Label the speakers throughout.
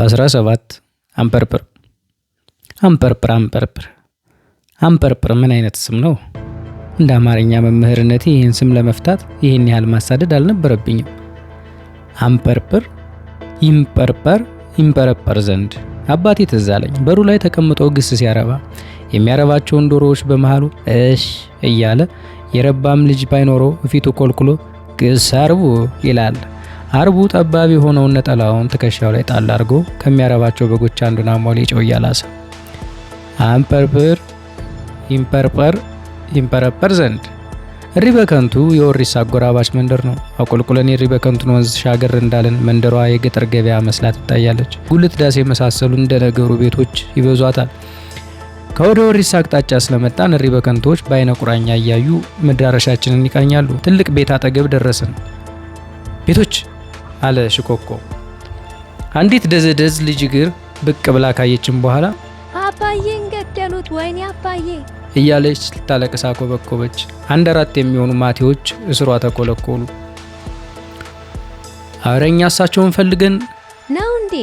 Speaker 1: 17 አምፐርፕር አንፐርጵር አንፐርጵር አንፐርጵር ምን አይነት ስም ነው? እንደ አማርኛ መምህርነቴ ይህን ስም ለመፍታት ይህን ያህል ማሳደድ አልነበረብኝም። አንፐርጵር ይምፐርፐር ይምፐረፐር ዘንድ አባቴ ትዝ አለኝ። በሩ ላይ ተቀምጦ ግስ ሲያረባ የሚያረባቸውን ዶሮዎች በመሃሉ እሽ እያለ የረባም ልጅ ባይኖረው ፊቱ ኮልኩሎ ግስ አርቡ ይላል። አርቡ ጠባብ የሆነውን ነጠላውን ትከሻው ላይ ጣል አድርጎ ከሚያረባቸው በጎች አንዱን አሟሌ ጨው እያላሰ አንፐርፕር ኢምፐርፐር ኢምፐረፐር ዘንድ እሪ በከንቱ የወሪስ አጎራባች መንደር ነው። አቆልቁለን እሪ በከንቱን ወንዝ ሻገር እንዳለን መንደሯ የገጠር ገበያ መስላ ትታያለች። ጉልት ዳሴ የመሳሰሉ እንደ ነገሩ ቤቶች ይበዟታል። ከወደ ወሪስ አቅጣጫ ስለመጣን እሪ በከንቶች በአይነ ቁራኛ እያዩ መዳረሻችንን ይቃኛሉ። ትልቅ ቤት አጠገብ ደረስን። ቤቶች አለ ሽኮኮ። አንዲት ደዘደዝ ልጅ እግር ብቅ ብላ ካየችም በኋላ
Speaker 2: አባዬን ገደሉት፣ ወይኔ አባዬ
Speaker 1: እያለች ልታለቅሳ ኮበኮበች። አንድ አራት የሚሆኑ ማቴዎች እስሯ ተኮለኮሉ። አረኛ እሳቸውን ፈልገን ነው እንዴ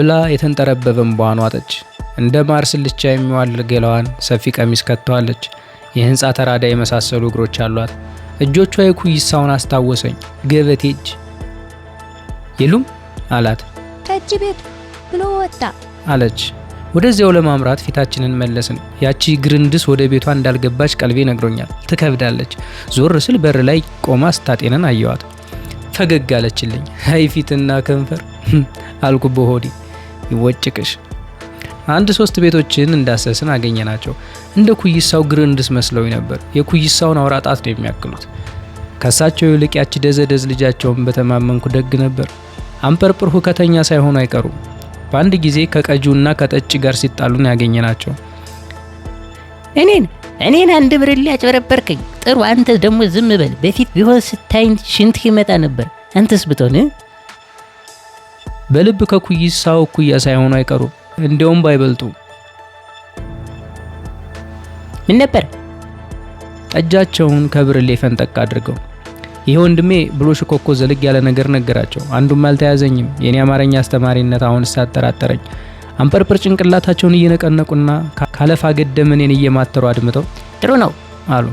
Speaker 1: ብላ የተንጠረበበን እንባዋን ዋጠች። እንደ ማር ስልቻ የሚዋል ገላዋን ሰፊ ቀሚስ ከተዋለች። የህንፃ ተራዳ የመሳሰሉ እግሮች አሏት። እጆቿ የኩይሳውን አስታወሰኝ ገበቴ እጅ የሉም አላት።
Speaker 2: ጠጅ ቤት ብሎ ወጣ
Speaker 1: አለች። ወደዚያው ለማምራት ፊታችንን መለስን። ያቺ ግርንድስ ወደ ቤቷ እንዳልገባች ቀልቤ ነግሮኛል። ትከብዳለች። ዞር ስል በር ላይ ቆማ ስታጤነን አየዋት። ፈገግ አለችልኝ። አይ ፊትና ከንፈር hm አልኩ በሆዴ ይወጭቅሽ። አንድ ሶስት ቤቶችን እንዳሰስን አገኘ ናቸው እንደ ኩይሳው ግርንድስ መስለው ነበር። የኩይሳውን አውራ ጣት ነው የሚያክሉት። ከሳቸው ይልቅ ያቺ ደዘደዝ ልጃቸውን በተማመንኩ ደግ ነበር። አንፐርጵር ሁከተኛ ሳይሆኑ አይቀሩም። በአንድ ጊዜ ከቀጁና ከጠጭ ጋር ሲጣሉን ያገኘ ናቸው።
Speaker 2: እኔን እኔን አንድ ብርሌ አጭበረበርከኝ። ጥሩ አንተ ደግሞ ዝም በል። በፊት ቢሆን ስታይን ሽንትህ ይመጣ ነበር። አንተስ ብትሆን
Speaker 1: በልብ ከኩይሳው እኩያ ሳይሆኑ አይቀሩ? እንዲያውም ባይበልጡ ምን ነበር ጠጃቸውን ከብርሌ ፈንጠቅ አድርገው ይሄ ወንድሜ ብሎ ሽኮኮ ዘልግ ያለ ነገር ነገራቸው። አንዱም አልተያዘኝም። የኔ አማርኛ አስተማሪነት አሁን ሳጠራጠረኝ። አንፐርፐር ጭንቅላታቸውን እየነቀነቁና ካለፋ ገደም እኔን እየማተሩ አድምጠው ጥሩ ነው አሉ።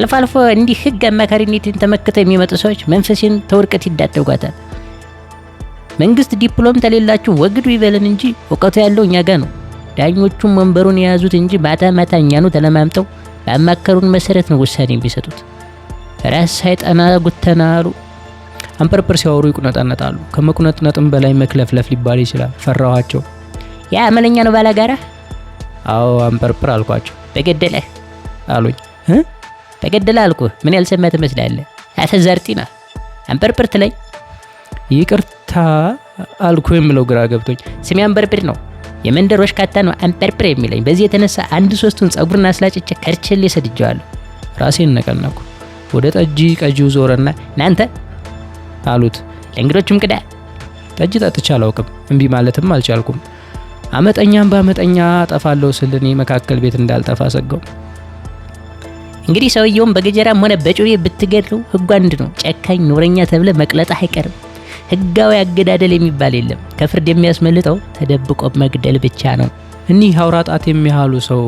Speaker 2: አልፎ አልፎ እንዲህ ህግ አማካሪነትን ተመክተው የሚመጡ ሰዎች መንፈሴን ተውድቀት ይዳደጓታል። መንግስት ዲፕሎም ተሌላችሁ ወግዱ ይበለን እንጂ እውቀቱ ያለው እኛ ጋ ነው። ዳኞቹም ወንበሩን የያዙት እንጂ ማታ ማታ እኛኑ ተለማምጠው ባማከሩን መሰረት ነው ውሳኔ የሚሰጡት። ራስ ሳይጠና ጉተና አሉ።
Speaker 1: አንፐርፐር ሲያወሩ ይቁነጠነጣሉ። ከመቁነጥነጥም በላይ መክለፍለፍ ሊባል ይችላል። ፈራኋቸው።
Speaker 2: ያ አመለኛ ነው ባላጋራ።
Speaker 1: አዎ አንፐርፐር አልኳቸው። በገደለ አሉኝ።
Speaker 2: በገደለ አልኩ። ምን ያልሰማ ትመስላለህ? አተዛርጢና አንፐርፐር ትለኝ።
Speaker 1: ይቅርታ አልኩ። የምለው ግራ ገብቶኝ
Speaker 2: ስሜ አንበርብር ነው የመንደር ወሽካታ ነው አንበርብር የሚለኝ። በዚህ የተነሳ አንድ ሶስቱን ጸጉርና አስላጭቼ ከርችሌ ሰድጄዋለሁ።
Speaker 1: ራሴን ነቀነኩ። ወደ ጠጅ ቀጂው ዞረና እናንተ አሉት።
Speaker 2: ለእንግዶችም ቅዳ።
Speaker 1: ጠጅ ጠጥቼ አላውቅም፣ እምቢ ማለትም አልቻልኩም። አመጠኛም በአመጠኛ ጠፋለሁ ስል እኔ መካከል ቤት እንዳልጠፋ ሰጋው።
Speaker 2: እንግዲህ ሰውየውም በገጀራም ሆነ በጩቤ ብትገድለው ህጉ አንድ ነው። ጨካኝ ኖረኛ ተብለ መቅለጣ አይቀርም። ህጋዊ አገዳደል የሚባል የለም። ከፍርድ የሚያስመልጠው ተደብቆ መግደል ብቻ ነው።
Speaker 1: እኒህ አውራ ጣት የሚያህሉ ሰው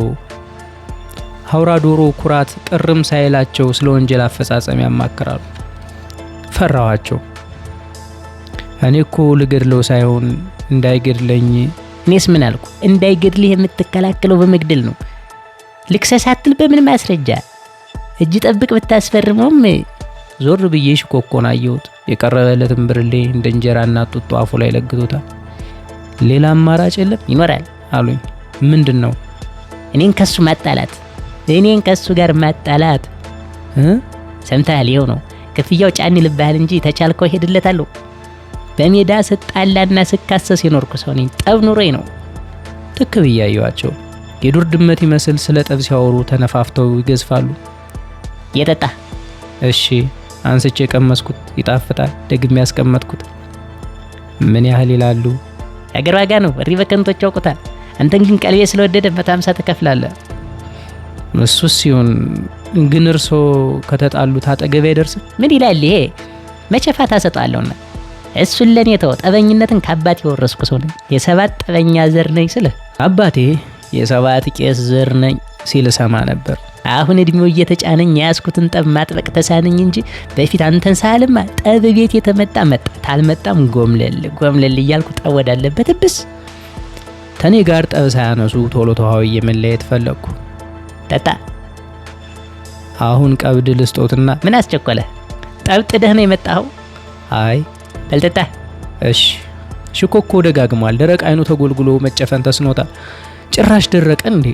Speaker 1: አውራ ዶሮ ኩራት ቅርም ሳይላቸው ስለ ወንጀል አፈጻጸም ያማክራሉ። ፈራኋቸው። እኔ እኮ ልገድለው ሳይሆን እንዳይገድለኝ።
Speaker 2: እኔስ ምን አልኩ? እንዳይገድልህ የምትከላከለው በመግደል ነው። ልክሰስ በምን ማስረጃ? እጅ ጠብቅ ብታስፈርመውም
Speaker 1: ዞር ብዬ ሽኮኮን አየሁት። የቀረበለትን ብርሌ እንደ እንጀራና ጡጦ አፉ ላይ ለግቶታል። ሌላ አማራጭ የለም? ይኖራል አሉኝ። ምንድን ነው?
Speaker 2: እኔን ከሱ ማጣላት እኔን ከሱ ጋር ማጣላት ሰምታ ይኸው ነው ክፍያው። ጫን ይልብሃል እንጂ ተቻልከው ሄድለታለሁ። በሜዳ ስጣላና ስካሰስ የኖርኩ ሰው ነኝ። ጠብ ኑሮኝ ነው።
Speaker 1: ትክ ብዬ የዱር ድመት ይመስል ስለ ጠብ ሲያወሩ ተነፋፍተው ይገዝፋሉ። የጠጣ እሺ፣ አንስቼ የቀመስኩት ይጣፍጣል። ደግሜ ያስቀመጥኩት ምን ያህል ይላሉ።
Speaker 2: የአገር ዋጋ ነው። እሪ በከንቶች ያውቁታል። አንተን ግን ቀልቤ ስለወደደ በጣም ሳ ተከፍላለ
Speaker 1: እሱ ሲሆን ግን እርሶ ከተጣሉት አጠገቤ አይደርስም።
Speaker 2: ምን ይላል ይሄ? መቼ ፋታ ሰጣለሁና እሱን ለእኔ ተው። ጠበኝነትን ከአባቴ የወረስኩ ሰው ነኝ። የሰባት ጠበኛ ዘር ነኝ ስለ
Speaker 1: አባቴ የሰባት ቄስ ዘር ነኝ ሲል ሰማ ነበር።
Speaker 2: አሁን እድሜው እየተጫነኝ የያዝኩትን ጠብ ማጥበቅ ተሳነኝ እንጂ በፊት አንተን ሳልማ ጠብ ቤት የተመጣ መጣ ታልመጣም ጎምለል ጎምለል እያልኩ ጠብ ወዳለበት ብስ
Speaker 1: ተኔ ጋር ጠብ ሳያነሱ ቶሎ ተዋዊ የመለየት ፈለግኩ። ጠጣ። አሁን ቀብድ ልስጦትና
Speaker 2: ምን አስቸኮለ? ጠብጥደህ ነው የመጣኸው? አይ ልጠጣ።
Speaker 1: እሺ ሽኮኮ ደጋግሟል። ደረቅ አይኑ ተጎልጉሎ መጨፈን ተስኖታል። ጭራሽ ደረቀ እንዴ?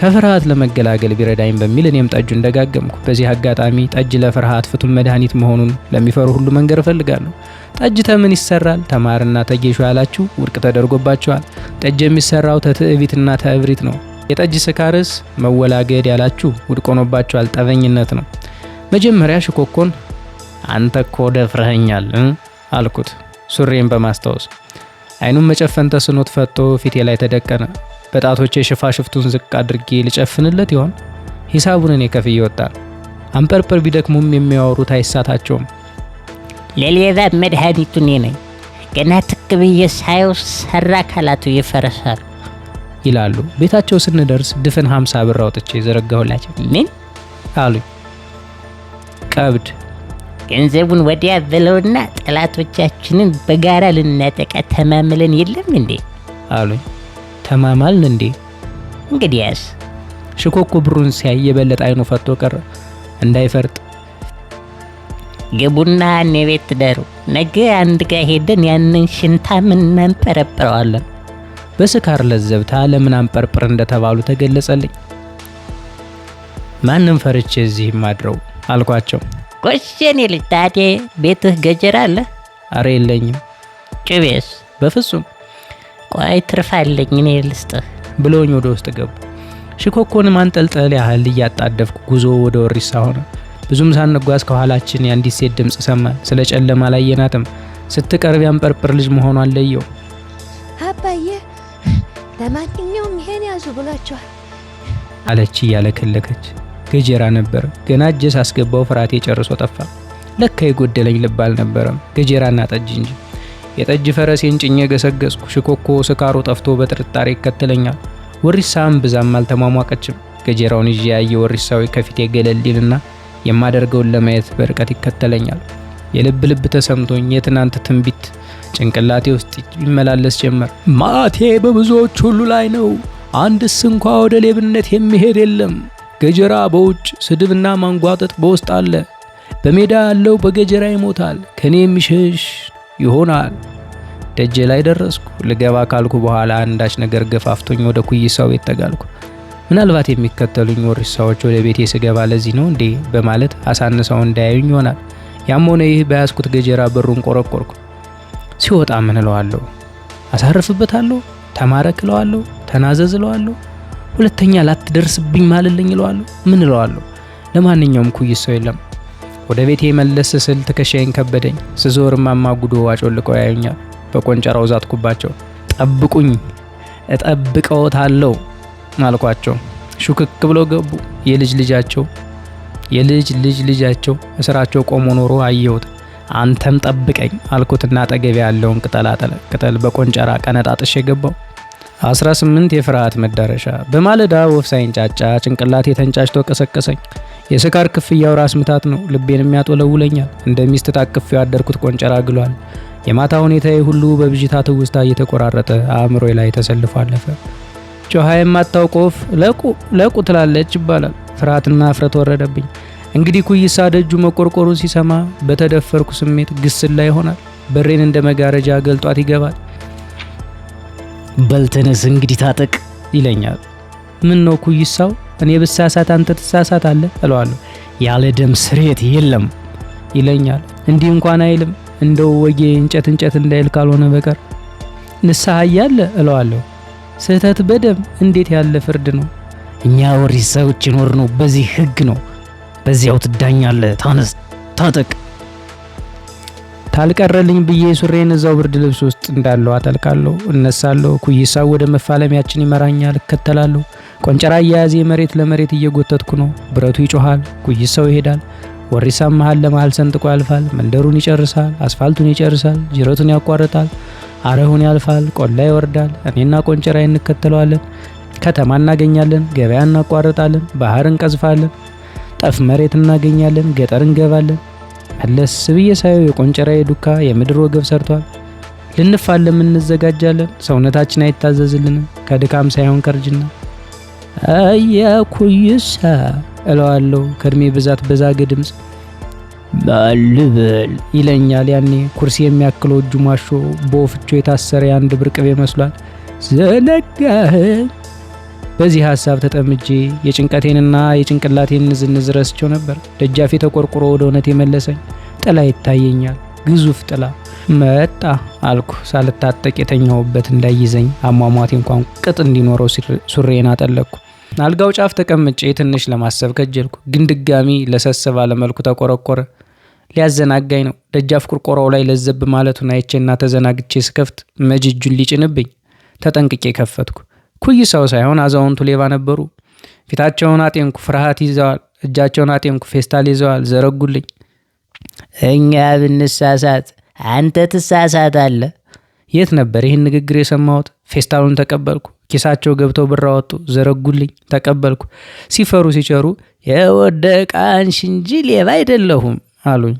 Speaker 1: ከፍርሃት ለመገላገል ቢረዳኝ በሚል እኔም ጠጁን ደጋገምኩ። በዚህ አጋጣሚ ጠጅ ለፍርሃት ፍቱን መድኃኒት መሆኑን ለሚፈሩ ሁሉ መንገር እፈልጋለሁ። ጠጅ ተምን ይሰራል? ተማርና ተጌሾ ያላችሁ ውድቅ ተደርጎባቸዋል። ጠጅ የሚሰራው ተትዕቢትና ተእብሪት ነው። የጠጅ ስካርስ መወላገድ ያላችሁ ውድቅ ሆኖባችኋል። ጠበኝነት ነው። መጀመሪያ ሽኮኮን አንተ ኮ ደፍረኸኛል አልኩት፣ ሱሬን በማስታወስ አይኑን መጨፈን ተስኖት ፈጦ ፊቴ ላይ ተደቀነ። በጣቶቼ ሽፋሽፍቱን ዝቅ አድርጌ ልጨፍንለት ይሆን? ሂሳቡን እኔ ከፍ ወጣን። አንፐርፐር ቢደክሙም የሚያወሩት አይሳታቸውም።
Speaker 2: ለሌባ መድኃኒቱ እኔ ነኝ። ገና ትክ ብዬ ሳየው ሰራ አካላቱ ይፈረሳል።
Speaker 1: ይላሉ። ቤታቸው ስንደርስ ድፍን 50 ብር አውጥቼ ዘረጋሁላቸው። ምን አሉኝ? ቀብድ
Speaker 2: ገንዘቡን ወዲያ ብለውና ጠላቶቻችንን በጋራ ልናጠቃ ተማምለን የለም እንዴ
Speaker 1: አሉኝ። ተማማልን እንዴ? እንግዲያስ። ሽኮኮ ብሩን ሲያይ የበለጠ አይኑ ፈቶ ቀረ። እንዳይፈርጥ
Speaker 2: ግቡና እኔ ቤት ትደሩ። ነገ አንድ ጋር ሄደን ያንን ሽንታም እናንጠረጥረዋለን።
Speaker 1: በስካር ለዘብታ ለምን ጰርጰር እንደተባሉ ተገለጸልኝ። ማንም ፈርቼ እዚህ አድረው አልኳቸው።
Speaker 2: ቆሸኔ ልጅ ታዲያ ቤትህ ገጀራ አለ? አረ የለኝም። ቅቤስ? በፍጹም ቆይ ትርፍ እኔ ልስጥህ
Speaker 1: ብለውኝ ወደ ውስጥ ገቡ። ሽኮኮን ማንጠልጠል ያህል እያጣደፍኩ ጉዞ ወደ ወሪሳ ሆነ። ብዙም ሳንጓዝ ከኋላችን የአንዲት ሴት ድምፅ ሰማ። ስለ ጨለማ ላይ የናትም ስትቀርብ ያንጰርጰር ልጅ መሆኗን ለየው።
Speaker 2: አባዬ ለማንኛውም ይሄን ያዙ ብሏቸዋል
Speaker 1: አለች እያለከለከች። ገጀራ ነበር። ገና እጄ ሳስገባው ፍርሃቴ ጨርሶ ጠፋ። ለካ የጎደለኝ ልብ አልነበረም ገጀራና ጠጅ እንጂ። የጠጅ ፈረሴን ጭኜ ገሰገስኩ። ሽኮኮ ስካሩ ጠፍቶ በጥርጣሬ ይከተለኛል። ወሪሳም ብዛም አልተሟሟቀችም። ገጀራውን ይዤ ያየ ወሪሳዊ ከፊቴ ገለሊልና የማደርገውን ለማየት በርቀት ይከተለኛል። የልብ ልብ ተሰምቶኝ የትናንት ትንቢት ጭንቅላቴ ውስጥ ይመላለስ ጀመር። ማቴ በብዙዎች ሁሉ ላይ ነው። አንድስ እንኳ ወደ ሌብነት የሚሄድ የለም። ገጀራ በውጭ ስድብና ማንጓጠጥ በውስጥ አለ። በሜዳ ያለው በገጀራ ይሞታል፣ ከኔ የሚሸሽ ይሆናል። ደጄ ላይ ደረስኩ። ልገባ ካልኩ በኋላ አንዳች ነገር ገፋፍቶኝ ወደ ኩይሳው ቤት ተጋልኩ። ምናልባት የሚከተሉኝ ወሪሳዎች ወደ ቤቴ ስገባ ለዚህ ነው እንዴ በማለት አሳንሰው እንዳያዩኝ ይሆናል። ያም ሆነ ይህ በያዝኩት ገጀራ በሩን ቆረቆርኩ። ሲወጣ ምን እለዋለሁ? አሳርፍበታለሁ፣ ተማረክ እለዋለሁ፣ ተናዘዝ እለዋለሁ፣ ሁለተኛ ላትደርስብኝ ማልልኝ እለዋለሁ። ምን እለዋለሁ? ለማንኛውም ኩይስ ሰው የለም። ወደ ቤቴ መለስ ስል ትከሻዬን ከበደኝ። ስዞር ማማ ጉዶ አጮልቀው ያዩኛል። በቆንጨራው ዛትኩባቸው። ጠብቁኝ፣ እጠብቀዎታለሁ አልኳቸው። ሹክክ ብለው ገቡ። የልጅ ልጃቸው የልጅ ልጅ ልጃቸው እስራቸው ቆሞ ኖሮ አየሁት። አንተም ጠብቀኝ አልኩትና አጠገቤ ያለውን ቅጠላቅጠል ቅጠል በቆንጨራ ቀነጣጥሼ የገባው። 18 የፍርሃት መዳረሻ። በማለዳ ወፍ ሳይንጫጫ ጭንቅላቴ ተንጫጭቶ ቀሰቀሰኝ። የስካር ክፍያው ራስ ምታት ነው፣ ልቤን የሚያጦለውለኛል። እንደ ሚስት ታቅፌው ያደርኩት ቆንጨራ ግሏል። የማታ ሁኔታዬ ሁሉ በብዥታ ትውስታ እየተቆራረጠ አእምሮ ላይ ተሰልፎ አለፈ። ጮሃ የማታውቅ ወፍ ለቁ ለቁ ትላለች ይባላል። ፍርሃትና እፍረት ወረደብኝ። እንግዲህ ኩይሳ ደጁ መቆርቆሩን ሲሰማ በተደፈርኩ ስሜት ላይ ይሆናል። በሬን እንደ መጋረጃ ገልጧት ይገባል።
Speaker 2: በልተነስ እንግዲህ ታጠቅ ይለኛል።
Speaker 1: ምን ነው ኩይሳው፣ እኔ ብሳሳት አንተ ትሳሳት አለ እለዋለሁ።
Speaker 2: ያለ ደም ስሬት የለም
Speaker 1: ይለኛል። እንዲህ እንኳን አይልም እንደው ወጌ እንጨት እንጨት እንዳይል ካልሆነ በቀር ንስሐ እያለ እለዋለሁ። ስህተት በደም እንዴት ያለ ፍርድ ነው!
Speaker 2: እኛ ወሪ ሰዎች ይኖር ነው በዚህ ህግ ነው በዚያው ትዳኛለህ። ታነስ፣ ታጠቅ።
Speaker 1: ታልቀረልኝ ብዬ ሱሬን እዛው ብርድ ልብስ ውስጥ እንዳለው አጠልቃለሁ። እነሳለሁ። ኩይሳው ወደ መፋለሚያችን ይመራኛል። እከተላለሁ። ቆንጨራ እያያዜ መሬት ለመሬት እየጎተትኩ ነው። ብረቱ ይጮሃል። ኩይሳው ይሄዳል። ወሪሳም መሀል ለመሀል ሰንጥቆ ያልፋል። መንደሩን ይጨርሳል። አስፋልቱን ይጨርሳል። ጅረቱን ያቋርጣል። አረሁን ያልፋል። ቆላ ይወርዳል። እኔና ቆንጨራ እንከተለዋለን። ከተማ እናገኛለን። ገበያ እናቋርጣለን። ባህር እንቀዝፋለን። ጠፍ መሬት እናገኛለን፣ ገጠር እንገባለን። መለስ ብዬ ሳየው የቆንጨራዬ ዱካ የምድር ወገብ ሰርቷል። ልንፋለም እንዘጋጃለን፣ ሰውነታችን አይታዘዝልንም ከድካም ሳይሆን ከርጅና። አያኩይሳ እለዋለሁ ከእድሜ ብዛት በዛገ ድምፅ
Speaker 2: ባልበል
Speaker 1: ይለኛል። ያኔ ኩርሲ የሚያክለው እጁ ማሾ በወፍቾ የታሰረ የአንድ ብርቅቤ መስሏል።
Speaker 2: ዘነጋህ
Speaker 1: በዚህ ሀሳብ ተጠምጄ የጭንቀቴንና የጭንቅላቴን ንዝንዝ ረስቸው ነበር። ደጃፊ ተቆርቁሮ ወደ እውነት የመለሰኝ ጥላ ይታየኛል። ግዙፍ ጥላ መጣ አልኩ። ሳልታጠቅ የተኛውበት እንዳይዘኝ አሟሟቴ እንኳን ቅጥ እንዲኖረው ሱሬን አጠለቅኩ። አልጋው ጫፍ ተቀምጬ ትንሽ ለማሰብ ከጀልኩ፣ ግን ድጋሚ ለሰስ ባለ መልኩ ተቆረቆረ። ሊያዘናጋኝ ነው። ደጃፍ ቁርቆሮው ላይ ለዘብ ማለቱን አይቼና ተዘናግቼ ስከፍት መጅ እጁን ሊጭንብኝ ተጠንቅቄ ከፈትኩ። ኩይ ሰው ሳይሆን አዛውንቱ ሌባ ነበሩ። ፊታቸውን አጤንኩ፣ ፍርሃት ይዘዋል። እጃቸውን አጤንኩ፣ ፌስታል ይዘዋል። ዘረጉልኝ።
Speaker 2: እኛ ብንሳሳት አንተ ትሳሳት አለ።
Speaker 1: የት ነበር ይህን ንግግር የሰማሁት? ፌስታሉን ተቀበልኩ። ኪሳቸው ገብተው ብር አወጡ፣ ዘረጉልኝ። ተቀበልኩ። ሲፈሩ ሲቸሩ
Speaker 2: የወደቀ አንሺ እንጂ ሌባ አይደለሁም አሉኝ።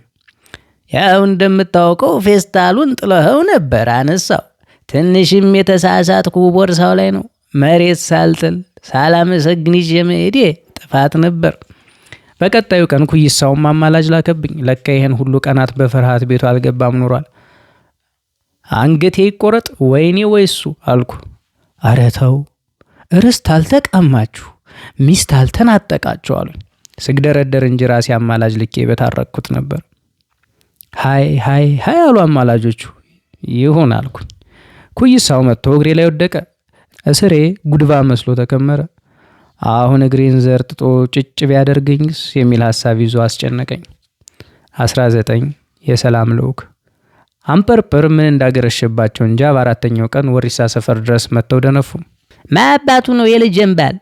Speaker 2: ያው እንደምታውቀው ፌስታሉን ጥለኸው ነበር፣ አነሳው። ትንሽም የተሳሳትኩ ቦርሳው ላይ ነው። መሬት ሳልጥል ሳላመሰግን ይዤ መሄዴ ጥፋት ነበር።
Speaker 1: በቀጣዩ ቀን ኩይሳውም አማላጅ ላከብኝ። ለካ ይህን ሁሉ ቀናት በፍርሃት ቤቱ አልገባም ኑሯል። አንገቴ ይቆረጥ ወይኔ ወይሱ አልኩ። አረ ተው፣ ርስት አልተቀማችሁ፣ ሚስት አልተናጠቃችሁ አሉኝ። ስግደረደር እንጂ ራሴ አማላጅ ልኬ በታረቅኩት ነበር። ሀይ ሀይ ሀይ አሉ አማላጆቹ። ይሁን አልኩኝ። ኩይሳው መጥቶ እግሬ ላይ ወደቀ። እስሬ ጉድባ መስሎ ተከመረ። አሁን እግሬን ዘርጥጦ ጭጭ ቢያደርገኝስ የሚል ሐሳብ ይዞ አስጨነቀኝ። 19 የሰላም ልዑክ አምፐርፐር ምን እንዳገረሸባቸው እንጃ። በአራተኛው ቀን ወሪሳ ሰፈር ድረስ መጥተው ደነፉ።
Speaker 2: ማባቱ ነው የልጅን ባል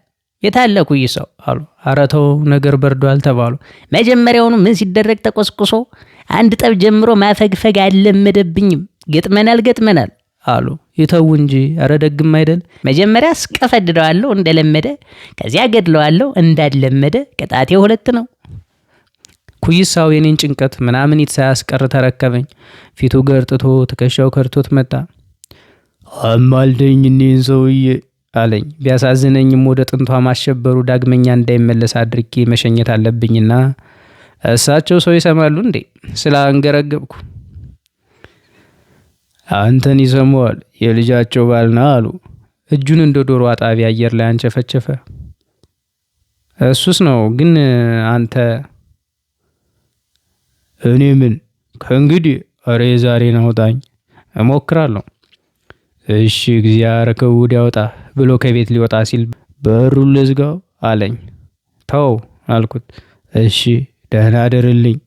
Speaker 2: የታለኩ ይህ ሰው
Speaker 1: አሉ። አረተው ነገር በርዷል ተባሉ።
Speaker 2: መጀመሪያውኑ ምን ሲደረግ ተቆስቁሶ አንድ ጠብ ጀምሮ ማፈግፈግ አልለመደብኝም። ገጥመናል ገጥመናል
Speaker 1: አሉ። ይተው እንጂ ኧረ ደግም አይደል?
Speaker 2: መጀመሪያ አስቀፈድደዋለሁ እንደለመደ፣ ከዚያ ገድለዋለሁ እንዳለመደ። ቅጣቴ ሁለት ነው።
Speaker 1: ኩይሳው የኔን ጭንቀት ምናምን ሳያስቀር ተረከበኝ። ፊቱ ገርጥቶ ትከሻው ከርቶት መጣ። አማልደኝ እኔን ሰውዬ አለኝ። ቢያሳዝነኝም ወደ ጥንቷ ማሸበሩ ዳግመኛ እንዳይመለስ አድርጌ መሸኘት አለብኝና እሳቸው ሰው ይሰማሉ እንዴ ስላንገረገብኩ አንተን ይሰማዋል፣ የልጃቸው ባልና አሉ። እጁን እንደ ዶሮ አጣቢ አየር ላይ አንቸፈቸፈ። እሱስ ነው ግን አንተ እኔ ምን ከእንግዲህ ኧረ የዛሬን አውጣኝ እሞክራለሁ። እሺ እግዚአብሔር ከውድ ያውጣ ብሎ ከቤት ሊወጣ ሲል በሩን ልዝጋው አለኝ። ተው አልኩት። እሺ ደህና አደርልኝ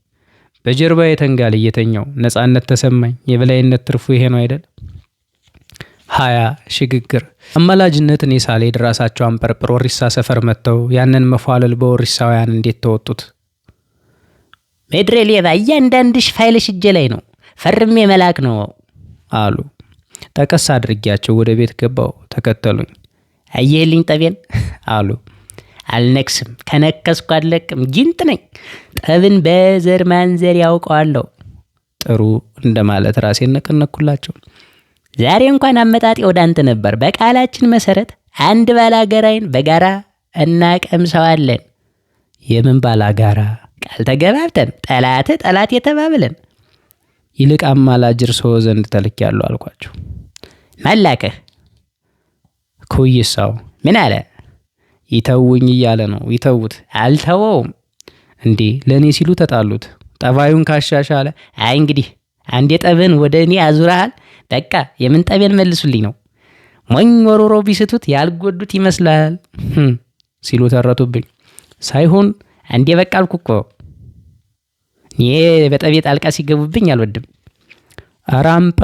Speaker 1: በጀርባ የተንጋል እየተኛው ነጻነት ተሰማኝ። የበላይነት ትርፉ ይሄ ነው አይደል? ሀያ ሽግግር አማላጅነት እኔ ሳሌድ ራሳቸው አንጠርጥሮ ወሪሳ ሰፈር መጥተው ያንን መፏለል በወሪሳውያን እንዴት ተወጡት?
Speaker 2: ሜድሬ ሌባ፣ እያንዳንድሽ ፋይልሽ እጄ ላይ ነው፣ ፈርሜ መላክ ነው
Speaker 1: አሉ። ጠቀስ አድርጊያቸው ወደ ቤት ገባው። ተከተሉኝ።
Speaker 2: አየህልኝ ጠቤን አሉ። አልነክስም፣ ከነከስኩ አልለቅም፣ ጊንጥ ነኝ። ጠብን በዘር ማንዘር ያውቀዋለሁ።
Speaker 1: ጥሩ እንደማለት ራሴ ነቀነኩላቸው።
Speaker 2: ዛሬ እንኳን አመጣጤ ወደ አንተ ነበር። በቃላችን መሰረት አንድ ባላጋራይን በጋራ እናቀምሰዋለን።
Speaker 1: የምን ባላጋራ?
Speaker 2: ቃል ተገባብተን ጠላት ጠላት የተባብለን።
Speaker 1: ይልቅ አማላጅ እርስዎ ዘንድ ተልኬያለሁ አልኳቸው። መላከህ ኩይሳው ምን አለ? ይተውኝ እያለ ነው። ይተውት
Speaker 2: አልተወውም
Speaker 1: እንዴ ለእኔ ሲሉ ተጣሉት። ጠባዩን ካሻሻለ
Speaker 2: አይ እንግዲህ አንዴ ጠብን ወደ እኔ አዙረሃል፣ በቃ የምን ጠቤን መልሱልኝ ነው። ሞኝ ወሮሮ ቢስቱት ያልጎዱት ይመስላል
Speaker 1: ሲሉ ተረቱብኝ። ሳይሆን አንዴ በቃ አልኩ እኮ
Speaker 2: ይሄ በጠቤ ጣልቃ ሲገቡብኝ አልወድም። አራምጰ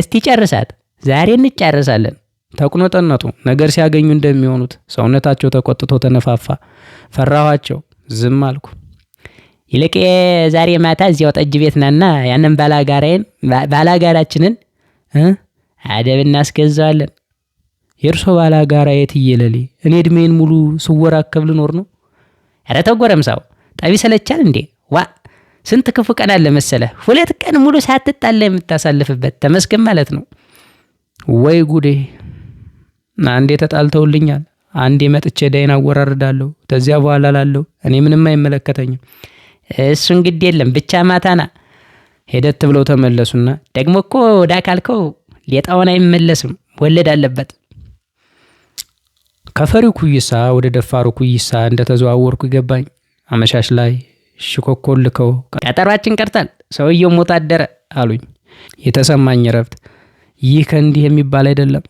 Speaker 2: እስቲ ጨርሳት፣ ዛሬ እንጨርሳለን።
Speaker 1: ተቁነጠነጡ። ነገር ሲያገኙ እንደሚሆኑት ሰውነታቸው ተቆጥቶ ተነፋፋ። ፈራኋቸው፣ ዝም አልኩ።
Speaker 2: ይልቅ ዛሬ ማታ እዚያው ጠጅ ቤት ናና ያንን ባላጋራዬን ባላጋራችንን አደብ እናስገዛዋለን።
Speaker 1: የእርሶ ባላጋራ የትየለሌ እኔ እድሜን ሙሉ ስወራከብ ልኖር ነው?
Speaker 2: ኧረ ተው ጎረምሳው፣ ጠቢ ሰለቻል እንዴ? ዋ ስንት ክፉ ቀን አለ መሰለህ። ሁለት ቀን ሙሉ ሳትጣላ የምታሳልፍበት ተመስገን ማለት ነው።
Speaker 1: ወይ ጉዴ አንዴ ተጣልተውልኛል፣ አንዴ መጥቼ ዳይን አወራርዳለሁ። ከዚያ በኋላ ላለሁ እኔ ምንም አይመለከተኝም።
Speaker 2: እሱን ግድ የለም ብቻ ማታና ሄደት ብለው ተመለሱና ደግሞ እኮ ወዳ ካልከው ሌጣውን አይመለስም ወለድ አለበት።
Speaker 1: ከፈሪው ኩይሳ ወደ ደፋሩ ኩይሳ እንደተዘዋወርኩ ይገባኝ። አመሻሽ ላይ ሽኮኮን ልከው
Speaker 2: ቀጠሯችን ቀርታል፣ ሰውየው ሞታደረ
Speaker 1: አሉኝ። የተሰማኝ እረፍት ይህ ከእንዲህ የሚባል አይደለም።